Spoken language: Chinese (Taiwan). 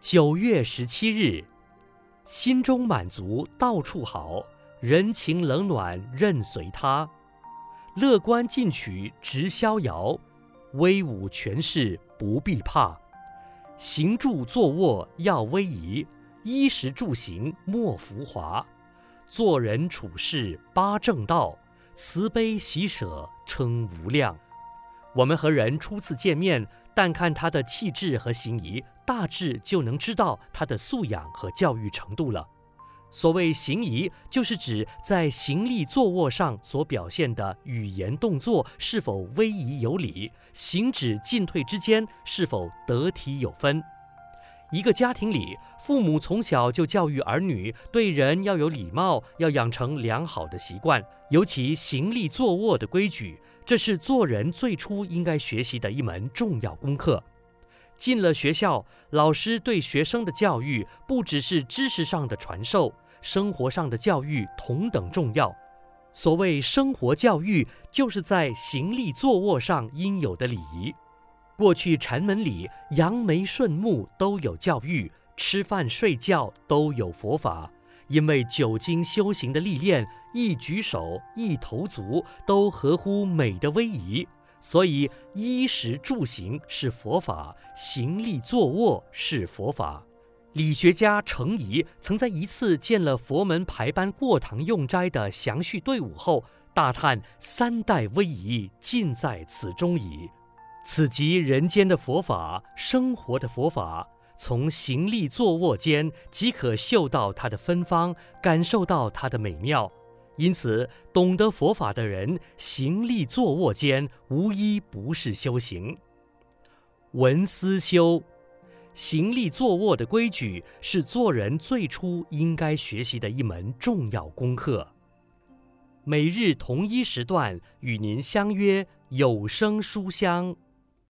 九月十七日，心中滿足到處好，人情冷暖任隨他，樂觀進取直逍遙，威武權勢不必怕，行住坐臥要威儀，衣食住行莫浮華，做人處事八正道，慈悲喜舍稱無量。我們和人初次見面，但看他的氣質和行儀，大致就能知道他的素養和教育程度了。所謂行儀，就是指在行立坐臥上所表現的語言動作是否威儀有禮，行止進退之間是否得體有分。一個家庭裡，父母從小就教育兒女，對人要有禮貌，要養成良好的習慣，尤其行立坐臥的規矩，這是做人最初應該學習的一門重要功課。進了學校，老師對學生的教育不只是知識上的傳授，生活上的教育同等重要。所謂生活教育，就是在行立坐臥上應有的禮儀。過去禪門裡揚眉順目都有教育，吃飯睡覺都有佛法，因為久經修行的歷練，一舉手一投足都合乎美的威儀，所以衣食住行是佛法，行立坐臥是佛法。理學家程頤曾在一次見了佛門排班過堂用齋的詳序隊伍後，大嘆三代威儀盡在此中矣。此即人間的佛法，生活的佛法，從行住坐臥間即可嗅到它的芬芳，感受到它的美妙。因此，懂得佛法的人，行住坐臥間無一不是修行。聞思修，行住坐臥的規矩是做人最初應該學習的一門重要功課。每日同一時段與您相約有聲書香。